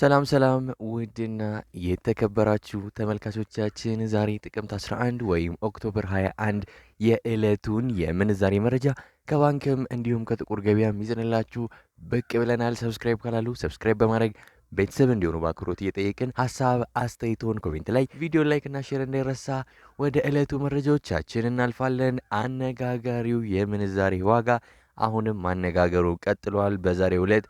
ሰላም ሰላም ውድና የተከበራችሁ ተመልካቾቻችን ዛሬ ጥቅምት 11 ወይም ኦክቶበር 21 የዕለቱን የምንዛሬ መረጃ ከባንክም እንዲሁም ከጥቁር ገበያ ይዘንላችሁ ብቅ ብለናል። ሰብስክራይብ ካላሉ ሰብስክራይብ በማድረግ ቤተሰብ እንዲሆኑ በአክብሮት እየጠየቅን ሀሳብ አስተያየቶን ኮሜንት ላይ ቪዲዮ ላይክና ሼር እንዳይረሳ። ወደ ዕለቱ መረጃዎቻችን እናልፋለን። አነጋጋሪው የምንዛሬ ዋጋ አሁንም ማነጋገሩ ቀጥሏል። በዛሬው ዕለት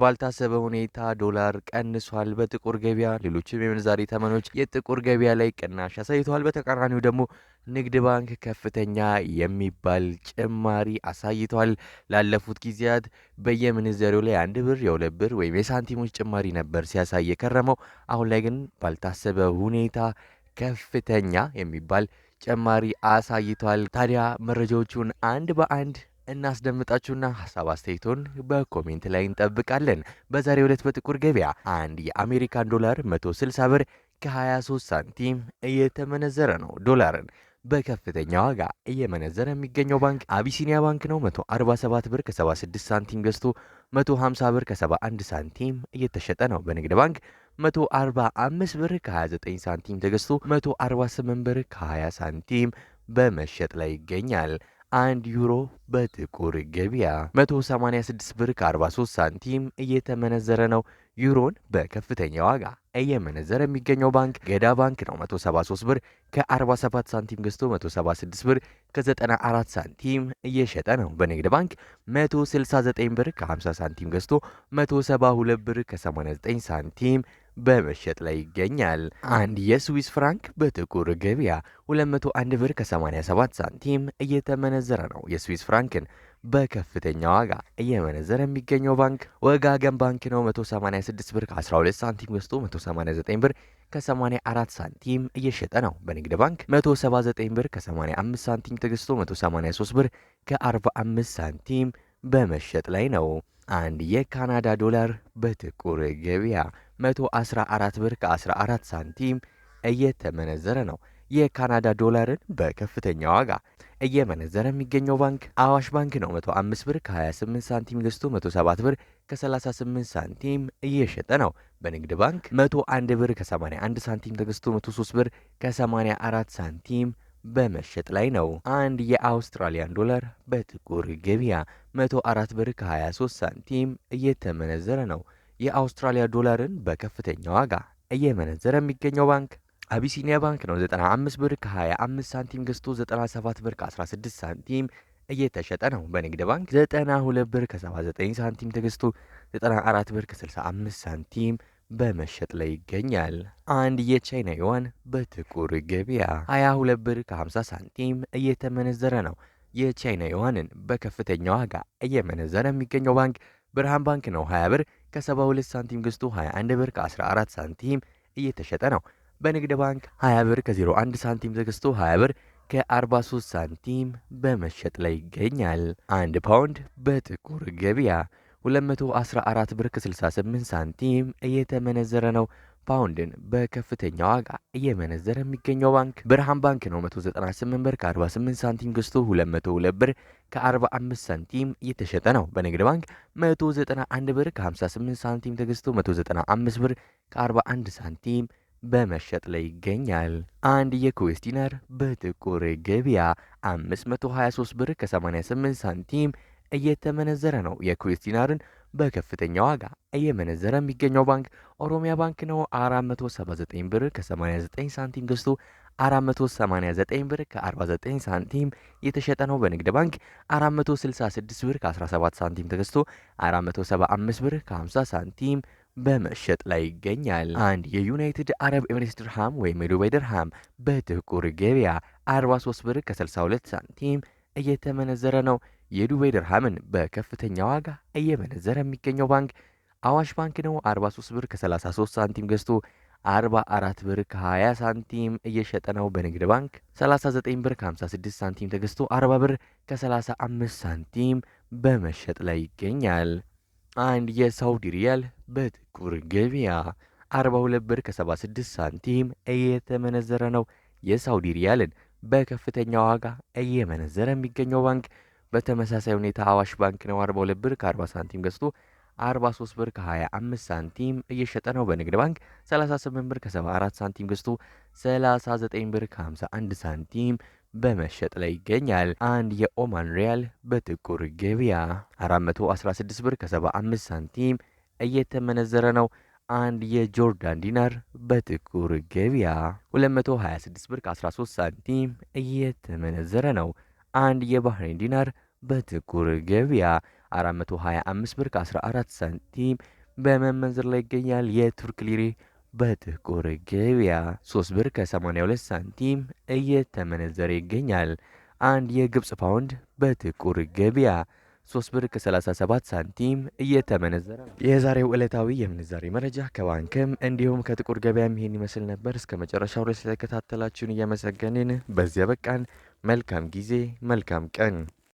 ባልታሰበ ሁኔታ ዶላር ቀንሷል። በጥቁር ገበያ ሌሎችም የምንዛሬ ተመኖች የጥቁር ገበያ ላይ ቅናሽ አሳይተዋል። በተቃራኒው ደግሞ ንግድ ባንክ ከፍተኛ የሚባል ጭማሪ አሳይቷል። ላለፉት ጊዜያት በየምንዛሬው ላይ አንድ ብር፣ የሁለት ብር ወይም የሳንቲሞች ጭማሪ ነበር ሲያሳይ የከረመው። አሁን ላይ ግን ባልታሰበ ሁኔታ ከፍተኛ የሚባል ጭማሪ አሳይቷል። ታዲያ መረጃዎቹን አንድ በአንድ እናስደምጣችሁና ሀሳብ አስተያየቶን በኮሜንት ላይ እንጠብቃለን። በዛሬው ዕለት በጥቁር ገበያ አንድ የአሜሪካን ዶላር 160 ብር ከ23 ሳንቲም እየተመነዘረ ነው። ዶላርን በከፍተኛ ዋጋ እየመነዘረ የሚገኘው ባንክ አቢሲኒያ ባንክ ነው። 147 ብር ከ76 ሳንቲም ገዝቶ 150 ብር ከ71 ሳንቲም እየተሸጠ ነው። በንግድ ባንክ 145 ብር ከ29 ሳንቲም ተገዝቶ 148 ብር ከ20 ሳንቲም በመሸጥ ላይ ይገኛል። አንድ ዩሮ በጥቁር ገበያ 186 ብር ከ43 ሳንቲም እየተመነዘረ ነው። ዩሮን በከፍተኛ ዋጋ እየመነዘረ የሚገኘው ባንክ ገዳ ባንክ ነው። 173 ብር ከ47 ሳንቲም ገዝቶ 176 ብር ከ94 ሳንቲም እየሸጠ ነው። በንግድ ባንክ 169 ብር ከ50 ሳንቲም ገዝቶ 172 ብር ከ89 ሳንቲም በመሸጥ ላይ ይገኛል። አንድ የስዊስ ፍራንክ በጥቁር ገበያ 201 ብር ከ87 ሳንቲም እየተመነዘረ ነው። የስዊስ ፍራንክን በከፍተኛ ዋጋ እየመነዘረ የሚገኘው ባንክ ወጋገን ባንክ ነው። 186 ብር ከ12 ሳንቲም ገዝቶ 189 ብር ከ84 ሳንቲም እየሸጠ ነው። በንግድ ባንክ 179 ብር ከ85 ሳንቲም ተገዝቶ 183 ብር ከ45 ሳንቲም በመሸጥ ላይ ነው። አንድ የካናዳ ዶላር በጥቁር ገበያ 114 ብር ከ14 ሳንቲም እየተመነዘረ ነው። የካናዳ ዶላርን በከፍተኛ ዋጋ እየመነዘረ የሚገኘው ባንክ አዋሽ ባንክ ነው። 105 ብር ከ28 ሳንቲም ገዝቶ 107 ብር ከ38 ሳንቲም እየሸጠ ነው። በንግድ ባንክ 101 ብር ከ81 ሳንቲም ተገዝቶ 103 ብር ከ84 ሳንቲም በመሸጥ ላይ ነው። አንድ የአውስትራሊያን ዶላር በጥቁር ገበያ 104 ብር ከ23 ሳንቲም እየተመነዘረ ነው። የአውስትራሊያ ዶላርን በከፍተኛ ዋጋ እየመነዘረ የሚገኘው ባንክ አቢሲኒያ ባንክ ነው። 95 ብር ከ25 ሳንቲም ገዝቶ 97 ብር ከ16 ሳንቲም እየተሸጠ ነው። በንግድ ባንክ 92 ብር ከ79 ሳንቲም ተገዝቶ 94 ብር ከ65 ሳንቲም በመሸጥ ላይ ይገኛል። አንድ የቻይና ዩዋን በጥቁር ገበያ 22 ብር ከ50 ሳንቲም እየተመነዘረ ነው። የቻይና ዩዋንን በከፍተኛ ዋጋ እየመነዘረ የሚገኘው ባንክ ብርሃን ባንክ ነው 20 ብር ከ72 ሳንቲም ገዝቶ 21 ብር ከ14 ሳንቲም እየተሸጠ ነው። በንግድ ባንክ 20 ብር ከ01 ሳንቲም ተገዝቶ 20 ብር ከ43 ሳንቲም በመሸጥ ላይ ይገኛል። አንድ ፓውንድ በጥቁር ገበያ 214 ብር ከ68 ሳንቲም እየተመነዘረ ነው። ፓውንድን በከፍተኛ ዋጋ እየመነዘረ የሚገኘው ባንክ ብርሃን ባንክ ነው። 198 ብር ከ48 ሳንቲም ገዝቶ 202 ብር ከ45 ሳንቲም እየተሸጠ ነው። በንግድ ባንክ 191 ብር ከ58 ሳንቲም ተገዝቶ 195 ብር ከ41 ሳንቲም በመሸጥ ላይ ይገኛል። አንድ የኩዌስ ዲናር በጥቁር ገበያ 523 ብር ከ88 ሳንቲም እየተመነዘረ ነው። የኩዌስ ዲናርን በከፍተኛ ዋጋ እየመነዘረ የሚገኘው ባንክ ኦሮሚያ ባንክ ነው። 479 ብር ከ89 ሳንቲም ገዝቶ 489 ብር ከ49 ሳንቲም የተሸጠ ነው። በንግድ ባንክ 466 ብር ከ17 ሳንቲም ተገዝቶ 475 ብር ከ50 ሳንቲም በመሸጥ ላይ ይገኛል። አንድ የዩናይትድ አረብ ኤምሬትስ ድርሃም ወይም የዱባይ ድርሃም በጥቁር ገበያ 43 ብር ከ62 ሳንቲም እየተመነዘረ ነው። የዱባይ ድርሃምን በከፍተኛ ዋጋ እየመነዘረ የሚገኘው ባንክ አዋሽ ባንክ ነው። 43 ብር ከ33 ሳንቲም ገዝቶ 44 ብር ከ20 ሳንቲም እየሸጠ ነው። በንግድ ባንክ 39 ብር ከ56 ሳንቲም ተገዝቶ 40 ብር ከ35 ሳንቲም በመሸጥ ላይ ይገኛል። አንድ የሳውዲ ሪያል በጥቁር ገበያ 42 ብር ከ76 ሳንቲም እየተመነዘረ ነው። የሳውዲ ሪያልን በከፍተኛ ዋጋ እየመነዘረ የሚገኘው ባንክ በተመሳሳይ ሁኔታ አዋሽ ባንክ ነው 42 ብር ከ40 ሳንቲም ገዝቶ 43 ብር ከ25 ሳንቲም እየሸጠ ነው። በንግድ ባንክ 38 ብር ከ74 ሳንቲም ገዝቶ 39 ብር ከ51 ሳንቲም በመሸጥ ላይ ይገኛል። አንድ የኦማን ሪያል በጥቁር ገበያ 416 ብር ከ75 ሳንቲም እየተመነዘረ ነው። አንድ የጆርዳን ዲናር በጥቁር ገበያ 226 ብር ከ13 ሳንቲም እየተመነዘረ ነው። አንድ የባህሬን ዲናር በጥቁር ገበያ 425 ብር ከ14 ሳንቲም በመመንዘር ላይ ይገኛል። የቱርክ ሊሬ በጥቁር ገበያ 3 ብር ከ82 ሳንቲም እየተመነዘረ ይገኛል። አንድ የግብፅ ፓውንድ በጥቁር ገበያ 3 ብር ከ37 ሳንቲም እየተመነዘረ ነው። የዛሬው ዕለታዊ የምንዛሬ መረጃ ከባንክም እንዲሁም ከጥቁር ገበያ ይሄን ይመስል ነበር። እስከ መጨረሻው ላይ ስለተከታተላችሁን እያመሰገንን በዚያ በቃን። መልካም ጊዜ፣ መልካም ቀን